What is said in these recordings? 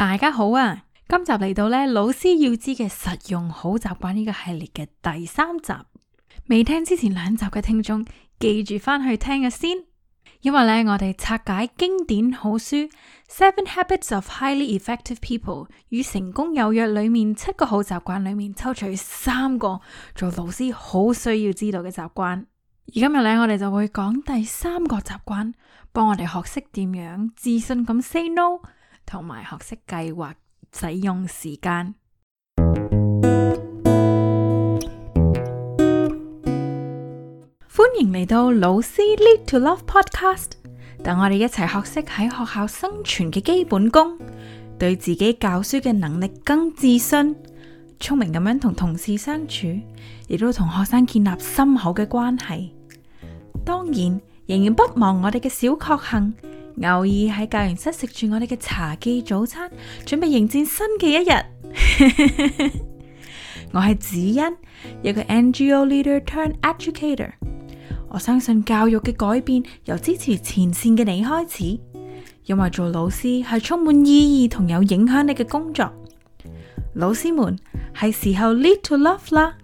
大家好啊！今集嚟到呢，老師要知嘅實用好習慣呢個系列嘅第三集。未聽之前兩集嘅聽眾，記住翻去聽下先。因為呢，我哋拆解經典好書《Seven Habits of Highly Effective People》與《成功有約》裏面七個好習慣裏面，抽取三個做老師好需要知道嘅習慣。而今日呢，我哋就會講第三個習慣，幫我哋學識點樣自信咁 say no。同埋學識計劃使用時間。歡迎嚟到老師 Lead to Love Podcast，等我哋一齊學識喺學校生存嘅基本功，對自己教書嘅能力更自信，聰明咁樣同同事相處，亦都同學生建立深厚嘅關係。當然，仍然不忘我哋嘅小確幸。偶爾喺教研室食住我哋嘅茶記早餐，準備迎戰新嘅一日。 我係子欣，一個 NGO leader turn educator。我相信教育嘅改變由支持前線嘅你開始，因為做老師係充滿意義同有影響力嘅工作。老師們，係時候 lead to love 啦。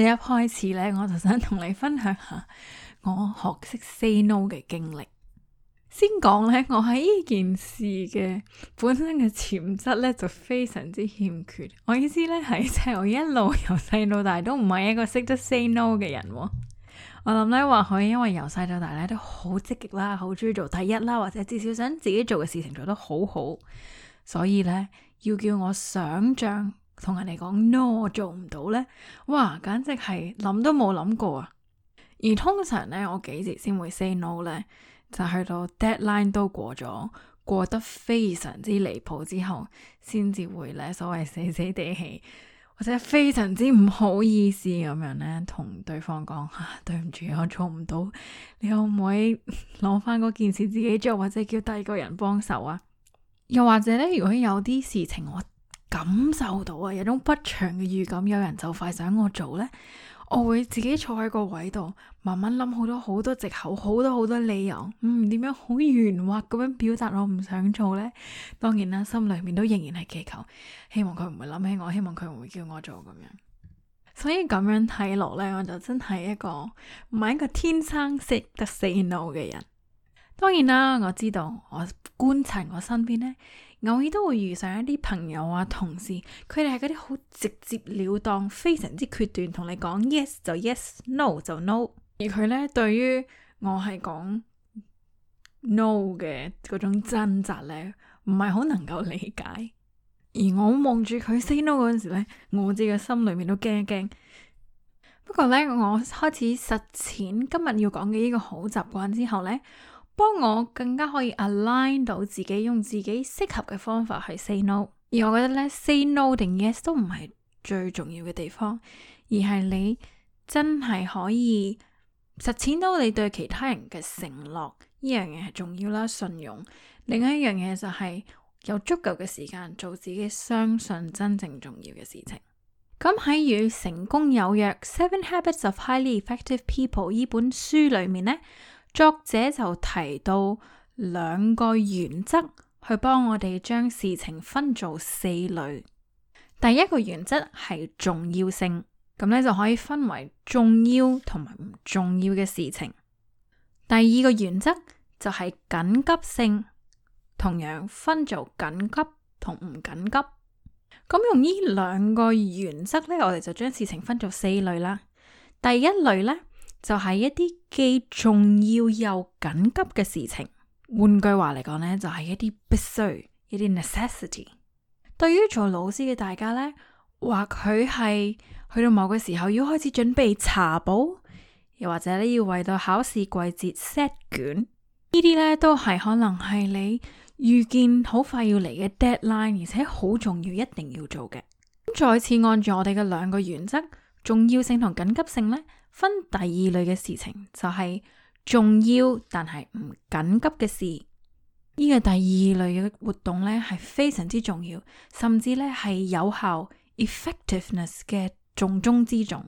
一開始咧，我就想同你分享下我學識 say no 嘅經歷。先講咧，我喺呢件事嘅本身嘅潛質咧，就非常之欠缺。我意思咧係，即係我一路由細到大都唔係一個識得 say no 嘅人。我諗咧，或許因為由細到大咧都好積極啦，好中意做第一啦，或者至少想自己做嘅事情做得好好，所以咧要叫我想象，同人哋講 no，我做唔到呢。哇，簡直係諗都冇諗過啊！而通常呢，我幾時先會 say no 呢？就係到 deadline 都過咗，過得非常之離譜之後，先至會呢所謂死死地氣，或者非常之唔好意思咁樣呢。同對方講吓，啊，對唔住，我做唔到，你可唔可以攞翻嗰件事自己做，或者叫第二個人幫手啊？又或者呢，如果有啲事情我感受到啊，有種不祥嘅預感，有人就快想我做呢，我會自己坐喺個位度，慢慢諗好多好多借口，好多好多理由，嗯，點樣好圓滑咁樣表達我唔想做呢，當然啦，心裏面都仍然係祈求，希望佢唔會諗起我，希望佢唔會叫我做咁樣。所以咁樣睇落呢，我就真係一個唔係一個天生識得 say no 嘅人。當然啦，我知道我觀察我身邊呢。偶爾都會遇上一啲朋友啊、同事，佢哋係嗰啲好直接了當、非常之決斷，同你講 yes 就 yes，no 就 no。而佢呢，對於我係講 no 嘅嗰種掙扎呢，唔係好能夠理解。而我望住佢 say no 嗰陣時呢，我自己心裏面都驚一驚。不過呢，我開始實踐今日要講嘅呢個好習慣之後呢。幫我更加可以 align 到自己，用自己適合嘅方法去 say no。而我覺得呢，say no 定 yes 都唔係最重要嘅地方，而係你真係可以實踐到你對其他人嘅承諾，呢樣嘢，係重要啦，信用。另外一樣嘢就係有足夠嘅時間做自己相信真正重要嘅事情。咁喺與成功有約《Seven Habits of Highly Effective People》呢本書裏面呢。作者就提到兩個原則，去幫我哋將事情分做四類。第一個原則係重要性，咁咧就可以分為重要同埋唔重要嘅事情。第二個原則就係緊急性，同樣分做緊急同唔緊急。咁用呢兩個原則咧，我哋就將事情分做四類啦。第一類咧。就係一啲既重要又緊急嘅事情。換句話嚟講呢就係、是、一啲必須、一啲 necessity。對於做老師嘅大家呢，或佢係去到某個時候要開始準備查簿，又或者你要為到考試季節 set 卷。呢啲呢都係可能係你預見好快要嚟嘅 deadline，而且好重要，一定要做嘅。再次按住我哋嘅兩個原則：重要性同緊急性呢。分第二類嘅事情就係、是、重要但係唔緊急嘅事，呢、這個第二類嘅活動呢係非常之重要，甚至呢係有效 effectiveness 嘅重中之重。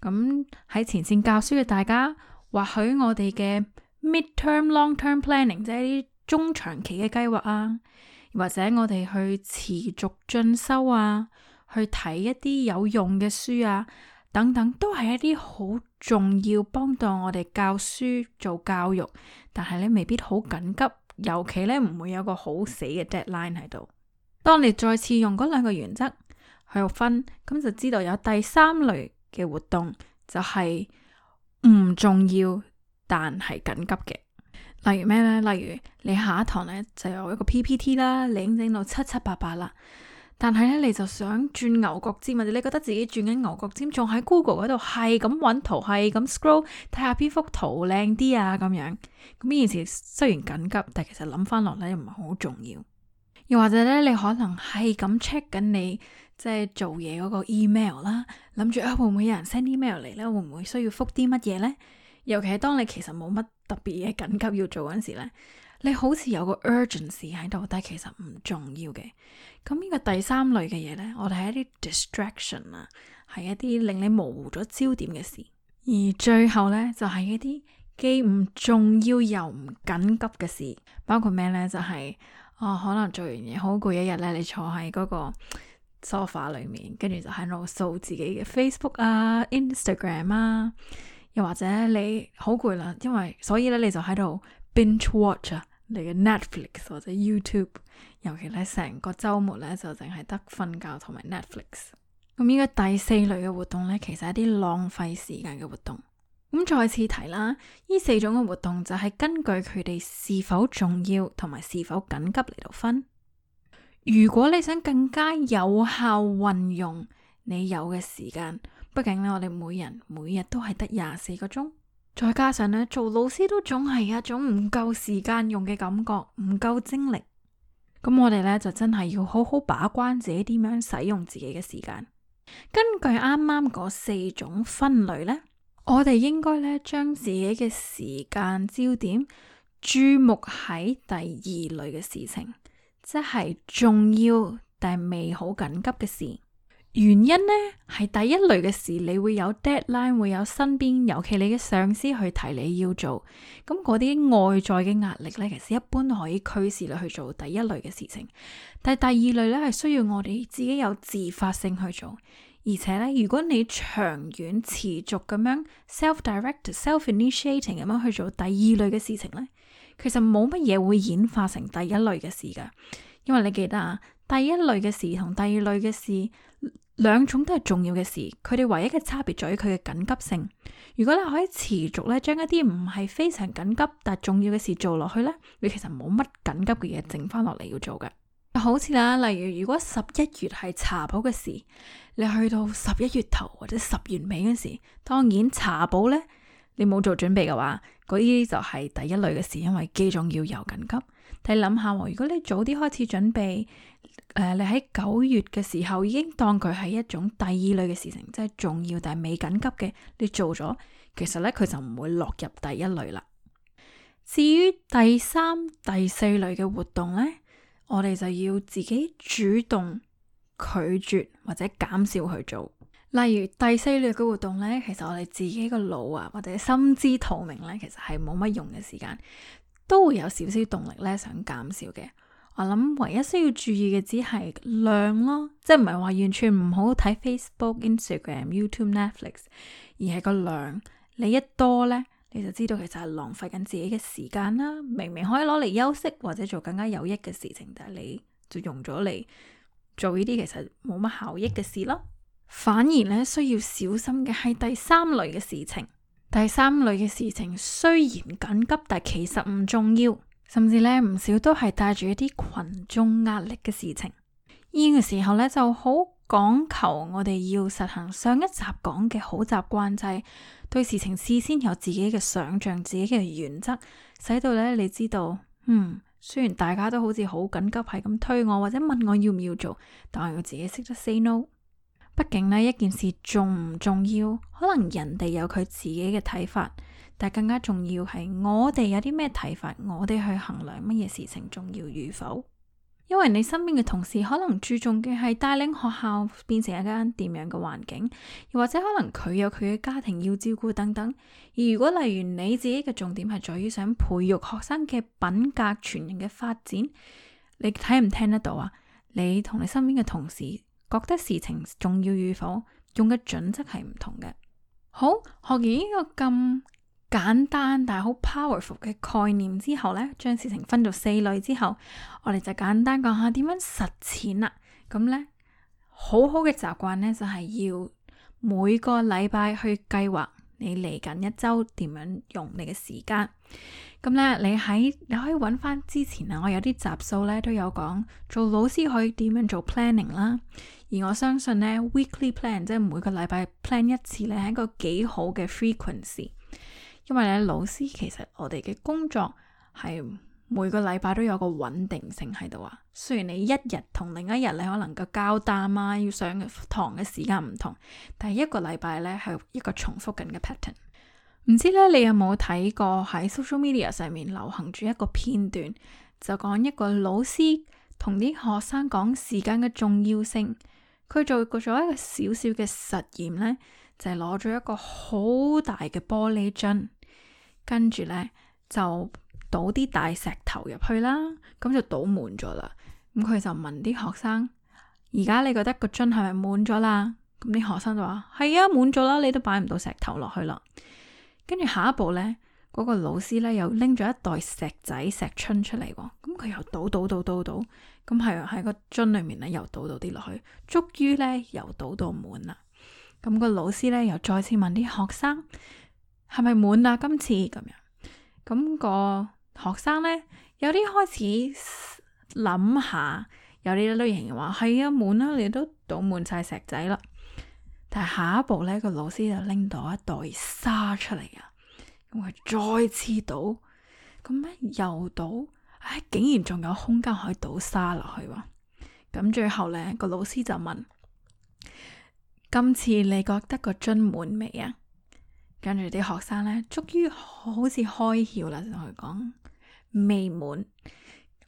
咁喺前線教書嘅大家，或許我哋嘅 mid-term、long-term Long planning，即係啲中長期嘅計劃啊，或者我哋去持續進修啊，去睇一啲有用嘅書啊。等等都係一啲好重要，幫到我哋教書做教育，但係咧未必好緊急，尤其咧唔會有個好死嘅 deadline 喺度。當你再次用嗰兩個原則去分，咁就知道有第三類嘅活動就係唔重要但係緊急嘅，例如咩呢？例如你下一堂呢，就有一個 PPT 啦，你已經整到七七八八啦。但係咧，你就想鑽牛角尖，或者你覺得自己鑽緊牛角尖，仲喺 Google 嗰度係咁揾圖，係咁 scroll 睇下邊幅圖靚啲啊，咁樣咁呢件事雖然緊急，但其實諗翻落嚟又唔係好重要。又或者咧，你可能係咁 check 緊你即係做嘢嗰個 email 啦，諗住啊，會唔會有人 send email 嚟咧？會唔會需要復啲乜嘢呢？尤其係當你其實冇乜特別嘢緊急要做嗰陣時咧。你好似有個 urgency 喺度，但係其實唔重要嘅。咁呢個第三類嘅嘢呢，我哋係一啲 distraction 啊，係一啲令你模糊咗焦點嘅事。而最後呢，就係一啲既唔重要又唔緊急嘅事，包括咩呢？就係我、哦、可能做完嘢好攰，一日呢，你坐喺嗰個 sofa 裏面，跟住就喺度掃自己嘅 Facebook 啊、Instagram 啊，又或者你好攰啦，因為所以咧，你就喺度。Binge watch 啊，你嘅 Netflix 或者 YouTube，尤其咧成個周末咧就淨係得瞓覺同埋 Netflix。咁呢個第四類嘅活動咧，其實係啲浪費時間嘅活動。咁再次提啦，呢四種嘅活動就係根據佢哋是否重要同埋是否緊急嚟到分。如果你想更加有效運用你有嘅時間，畢竟咧我哋每人每日都係得廿四個鐘。再加上呢，做老師都總係一種唔夠時間用嘅感覺，唔夠精力。咁我哋呢，就真係要好好把關自己點樣使用自己嘅時間。根據啱啱嗰四種分類呢，我哋應該呢將自己嘅時間焦點注目喺第二類嘅事情，即係重要但係未好緊急嘅事。原因呢，係第一類嘅事，你會有 deadline，會有身邊，尤其你嘅上司去提你要做，咁嗰啲外在嘅壓力呢，其實一般可以驅使你去做第一類嘅事情。但係第二類呢，係需要我哋自己有自發性去做，而且呢，如果你長遠持續咁樣 self-direct、self-initiating 咁樣去做第二類嘅事情呢，其實冇乜嘢會演化成第一類嘅事嘅，因為你記得啊，第一類嘅事同第二類嘅事。兩種都係重要嘅事，佢哋唯一嘅差別在於佢嘅緊急性。如果你可以持續咧將一啲唔係非常緊急但重要嘅事做落去呢，你其實冇乜緊急嘅嘢剩翻落嚟要做嘅。好似啦，例如如果十一月係查簿嘅事，你去到十一月頭或者十月尾嗰時，當然查簿呢，你冇做準備嘅話。嗰啲就係第一類嘅事，因為既重要又緊急。你諗下，如果你早啲開始準備，誒、呃，你喺九月嘅時候已經當佢係一種第二類嘅事情，即係重要但係未緊急嘅，你做咗，其實呢，佢就唔會落入第一類啦。至於第三、第四類嘅活動呢，我哋就要自己主動拒絕或者減少去做。例如第四類嘅活動呢，其實我哋自己個腦啊或者心知肚明呢，其實係冇乜用嘅時間，都會有少少動力呢，想減少嘅，我諗唯一需要注意嘅只係量咯，即係唔係話完全唔好睇 Facebook、Instagram、YouTube、Netflix，而係個量。你一多呢，你就知道其實係浪費緊自己嘅時間啦。明明可以攞嚟休息或者做更加有益嘅事情，但係你就用咗嚟做呢啲其實冇乜效益嘅事咯。反而咧，需要小心嘅係第三類嘅事情。第三類嘅事情雖然緊急，但其實唔重要，甚至咧唔少都係帶住一啲群眾壓力嘅事情。呢個時候咧就好講求我哋要實行上一集講嘅好習慣，就係對事情事先有自己嘅想象、自己嘅原則，使到咧你知道，嗯，雖然大家都好似好緊急，係咁推我，或者問我要唔要做，但係我自己識得 say no。畢竟呢一件事重唔重要，可能人哋有佢自己嘅睇法，但更加重要係我哋有啲咩睇法，我哋去衡量乜嘢事情重要與否。因為你身邊嘅同事可能注重嘅係帶領學校變成一間點樣嘅環境，又或者可能佢有佢嘅家庭要照顧等等。而如果例如你自己嘅重點係在於想培育學生嘅品格、全人嘅發展，你睇唔聽得到啊？你同你身邊嘅同事，覺得事情重要與否，用嘅準則係唔同嘅。好，學完呢個咁簡單但係好 powerful 嘅概念之後呢，將事情分做四類之後，我哋就簡單講下點樣實踐啦。咁呢，好好嘅習慣呢，就係要每個禮拜去計劃你嚟緊一周點樣用你嘅時間。咁咧，你喺你可以揾翻之前啊，我有啲集數咧都有講做老師可以點樣做 planning 啦。而我相信呢 weekly plan 即係每個禮拜 plan 一次咧，係一個幾好嘅 frequency。因為咧，老師其實我哋嘅工作係每個禮拜都有個穩定性喺度啊。雖然你一日同另一日你可能個交擔啊，要上堂嘅時間唔同，但係一個禮拜咧係一個重複緊嘅 pattern。唔知咧，你有冇睇過喺 social media 上面流行住一個片段，就講一個老師同啲學生講時間嘅重要性。佢做過咗一個小小嘅實驗呢就係攞咗一個好大嘅玻璃樽，跟住呢就倒啲大石頭入去啦，咁就倒滿咗啦。咁佢就問啲學生：而家你覺得個樽係咪滿咗啦？咁啲學生就話：係啊，滿咗啦，你都擺唔到石頭落去啦。跟住下一步呢，嗰個老師呢又拎咗一袋石仔石春出嚟喎，咁佢又倒倒倒倒倒，倒，咁係喺個樽裏面呢又倒倒啲落去，終於呢又倒到滿啦。咁個老師呢又再次問啲學生：係咪滿啦？今次咁樣，咁個學生呢有啲開始諗下，有啲類型話係啊，滿啦，你都倒滿晒石仔啦。但係下一步呢個老師就拎到一袋沙出嚟啊，咁佢再次倒，咁咧又倒，哎，竟然仲有空間可以倒沙落去喎、啊。咁最後呢個老師就問：今次你覺得個樽滿未啊？跟住啲學生呢，終於好似開竅啦，同佢講未滿。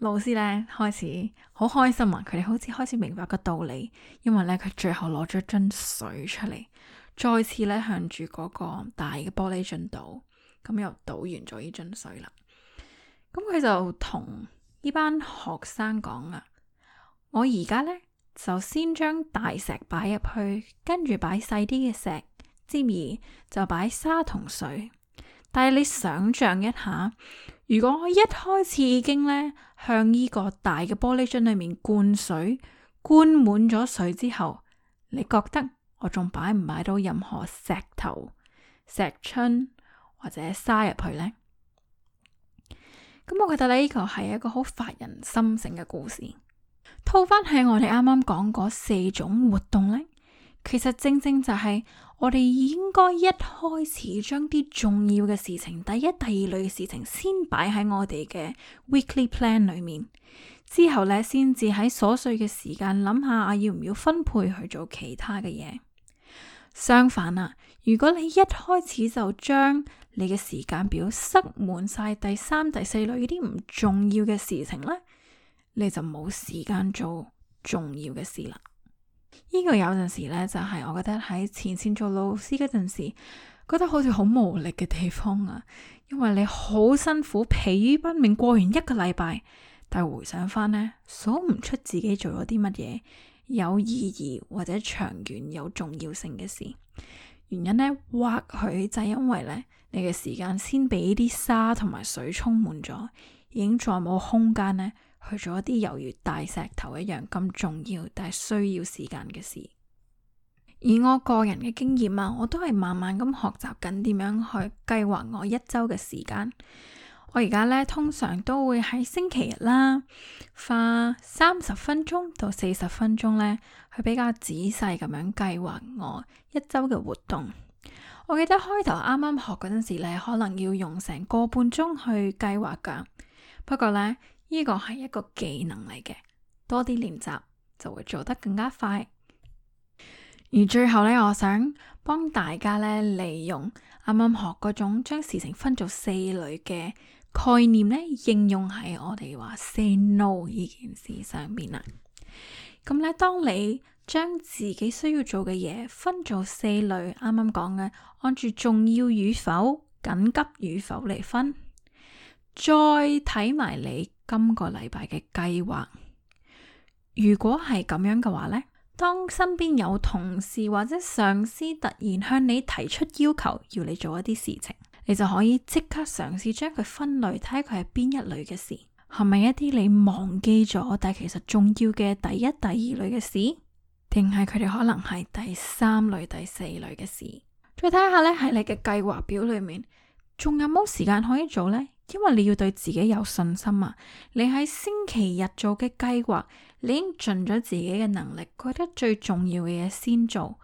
老師咧開始好開心啊！佢哋好似開始明白個道理，因為咧佢最後攞咗樽水出嚟，再次咧向住嗰個大嘅玻璃樽倒，咁又倒完咗呢樽水啦。咁佢就同呢班學生講啊，我而家呢，就先將大石擺入去，跟住擺細啲嘅石，繼而就擺沙同水。但係你想像一下。如果我一開始已經呢，向呢個大嘅玻璃樽裏面灌水，灌滿咗水之後，你覺得我仲擺唔擺到任何石頭、石春或者沙入去呢？咁我覺得呢個係一個好發人心醒嘅故事。套翻喺我哋啱啱講嗰四種活動呢。其實正正就係我哋應該一開始將啲重要嘅事情，第一、第二類嘅事情先擺喺我哋嘅 weekly plan 裏面，之後咧先至喺瑣碎嘅時間諗下啊，要唔要分配去做其他嘅嘢。相反啦、啊，如果你一開始就將你嘅時間表塞滿晒第三、第四類呢啲唔重要嘅事情呢，你就冇時間做重要嘅事啦。呢個有陣時呢，就係、是、我覺得喺前線做老師嗰陣時，覺得好似好無力嘅地方啊，因為你好辛苦、疲於奔命，過完一個禮拜，但係回想翻呢，數唔出自己做咗啲乜嘢有意義或者長遠有重要性嘅事。原因呢，或許就係因為呢，你嘅時間先俾啲沙同埋水充滿咗，已經再冇空間呢。去做一啲猶如大石頭一樣咁重要，但係需要時間嘅事。以我個人嘅經驗啊，我都係慢慢咁學習緊點樣去計劃我一周嘅時間。我而家呢，通常都會喺星期日啦，花三十分鐘到四十分鐘呢，去比較仔細咁樣計劃我一周嘅活動。我記得開頭啱啱學嗰陣時呢，可能要用成個半鐘去計劃噶，不過呢。呢個係一個技能嚟嘅，多啲練習就會做得更加快。而最後呢，我想幫大家呢，利用啱啱學嗰種將事情分做四類嘅概念呢，應用喺我哋話 say no 呢件事上面啦。咁呢，當你將自己需要做嘅嘢分做四類，啱啱講嘅按住重要與否、緊急與否嚟分，再睇埋你。今個禮拜嘅計劃，如果係咁樣嘅話呢，當身邊有同事或者上司突然向你提出要求，要你做一啲事情，你就可以即刻嘗試將佢分類，睇下佢係邊一類嘅事，係咪一啲你忘記咗但係其實重要嘅第一、第二類嘅事，定係佢哋可能係第三類、第四類嘅事？再睇下呢，喺你嘅計劃表裏面，仲有冇時間可以做呢？因為你要對自己有信心啊！你喺星期日做嘅計劃，你已經盡咗自己嘅能力，覺得最重要嘅嘢先做。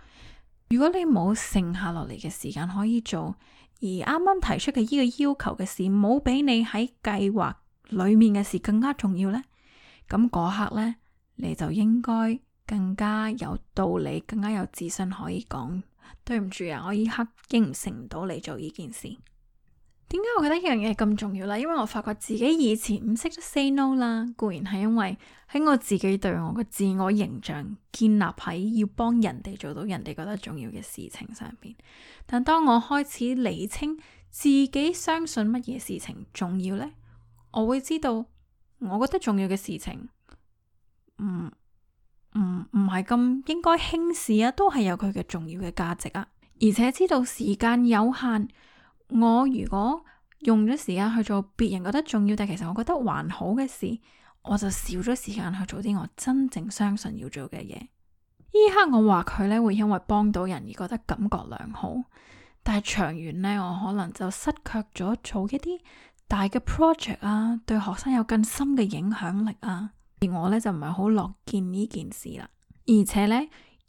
如果你冇剩下落嚟嘅時間可以做，而啱啱提出嘅呢個要求嘅事冇比你喺計劃裡面嘅事更加重要呢。咁嗰刻呢，你就應該更加有道理，更加有自信可以講，對唔住啊，我依刻應承唔到你做呢件事。點解我覺得呢樣嘢咁重要呢？因為我發覺自己以前唔識得 say no 啦，固然係因為喺我自己對我嘅自我形象建立喺要幫人哋做到人哋覺得重要嘅事情上邊。但當我開始厘清自己相信乜嘢事情重要呢，我會知道我覺得重要嘅事情，唔唔唔係咁應該輕視啊，都係有佢嘅重要嘅價值啊。而且知道時間有限。我如果用咗時間去做別人覺得重要，但其實我覺得還好嘅事，我就少咗時間去做啲我真正相信要做嘅嘢。呢刻我話佢呢，會因為幫到人而覺得感覺良好，但係長遠呢，我可能就失卻咗做一啲大嘅 project 啊，對學生有更深嘅影響力啊，而我呢，就唔係好樂見呢件事啦。而且呢，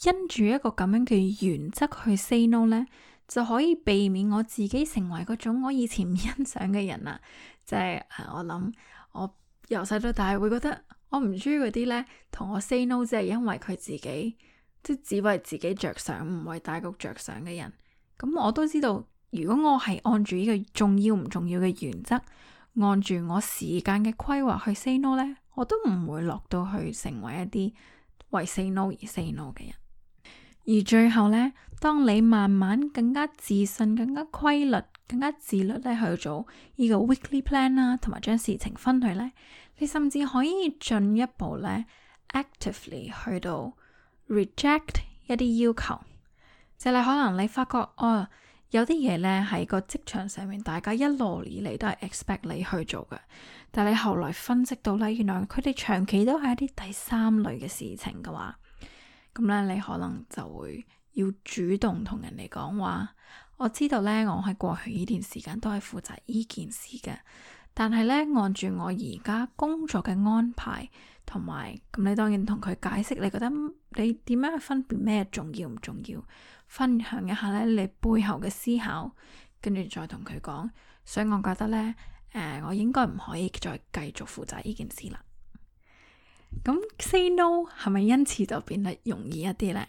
因住一個咁樣嘅原則去 say no 呢，就可以避免我自己成為嗰種我以前唔欣賞嘅人啦。即係我諗，我由細到大會覺得我唔中意嗰啲呢，同我 say no 只係因為佢自己，即只為自己着想，唔為大局着想嘅人。咁我都知道，如果我係按住呢個重要唔重要嘅原則，按住我時間嘅規劃去 say no 呢，我都唔會落到去成為一啲為 say no 而 say no 嘅人。而最後呢，當你慢慢更加自信、更加規律、更加自律咧去做呢個 weekly plan 啦、啊，同埋將事情分類呢，你甚至可以進一步呢 actively 去到 reject 一啲要求。就例如可能你發覺哦，有啲嘢呢喺個職場上面，大家一路以嚟都係 expect 你去做嘅，但係你後來分析到咧，原來佢哋長期都係一啲第三類嘅事情嘅話。咁咧，你可能就會要主動同人哋講話。我知道呢，我喺過去呢段時間都係負責呢件事嘅，但係呢，按住我而家工作嘅安排同埋，咁你當然同佢解釋，你覺得你點樣去分辨咩重要唔重要，分享一下呢你背後嘅思考，跟住再同佢講。所以我覺得呢，誒、呃，我應該唔可以再繼續負責呢件事啦。咁 say no 係咪因此就變得容易一啲呢？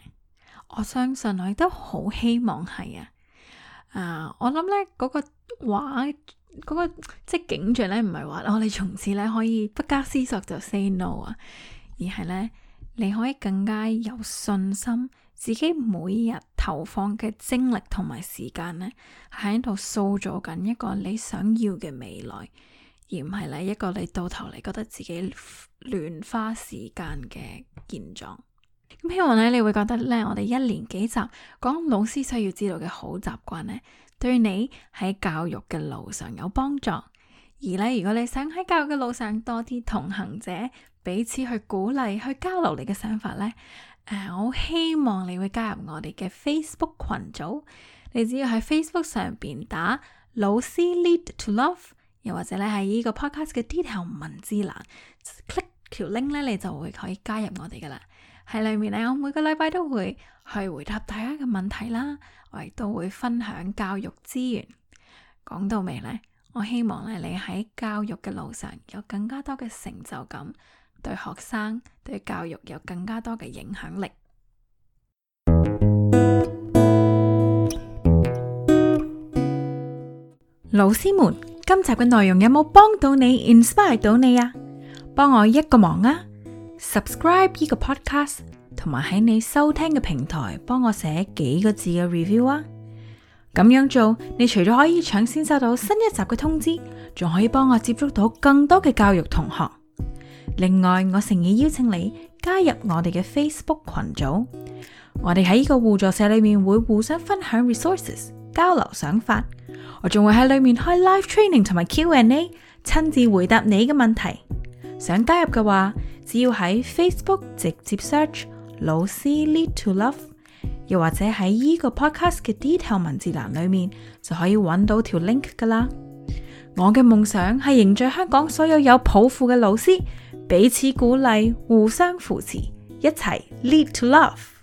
我相信我亦都好希望係啊！啊、呃，我諗呢嗰、嗰個畫嗰、嗰個即係景象呢，唔係話我哋從此呢可以不加思索就 say no 啊，而係呢，你可以更加有信心，自己每日投放嘅精力同埋時間呢，喺度塑造緊一個你想要嘅未來。而唔係咧一個你到頭嚟覺得自己亂花時間嘅現狀。希望咧，你會覺得咧，我哋一年幾集講老師需要知道嘅好習慣呢，對你喺教育嘅路上有幫助。而呢，如果你想喺教育嘅路上多啲同行者，彼此去鼓勵，去交流你嘅想法呢，誒，我希望你會加入我哋嘅 Facebook 群組。你只要喺 Facebook 上邊打老師 Lead to Love。又或者咧喺呢個 podcast 嘅 detail 文字欄，click 條 link 咧，就你就會可以加入我哋噶啦。喺裏面咧，我每個禮拜都會去回答大家嘅問題啦，我亦都會分享教育資源。講到尾呢，我希望咧你喺教育嘅路上有更加多嘅成就感，對學生對教育有更加多嘅影響力，老師們。今集嘅內容有冇幫到你 inspire 到你啊？幫我一個忙啊，subscribe 呢個 podcast，同埋喺你收聽嘅平台幫我寫幾個字嘅 review 啊！咁樣做，你除咗可以搶先收到新一集嘅通知，仲可以幫我接觸到更多嘅教育同學。另外，我誠意邀請你加入我哋嘅 Facebook 群組，我哋喺呢個互助社裏面會互相分享 resources，交流想法。我仲會喺裏面開 live training 同埋 Q&A，親自回答你嘅問題。想加入嘅話，只要喺 Facebook 直接 search 老師 lead to love，又或者喺呢個 podcast 嘅 detail 文字欄裏面就可以揾到條 link 噶啦。我嘅夢想係凝聚香港所有有抱負嘅老師，彼此鼓勵，互相扶持，一齊 lead to love。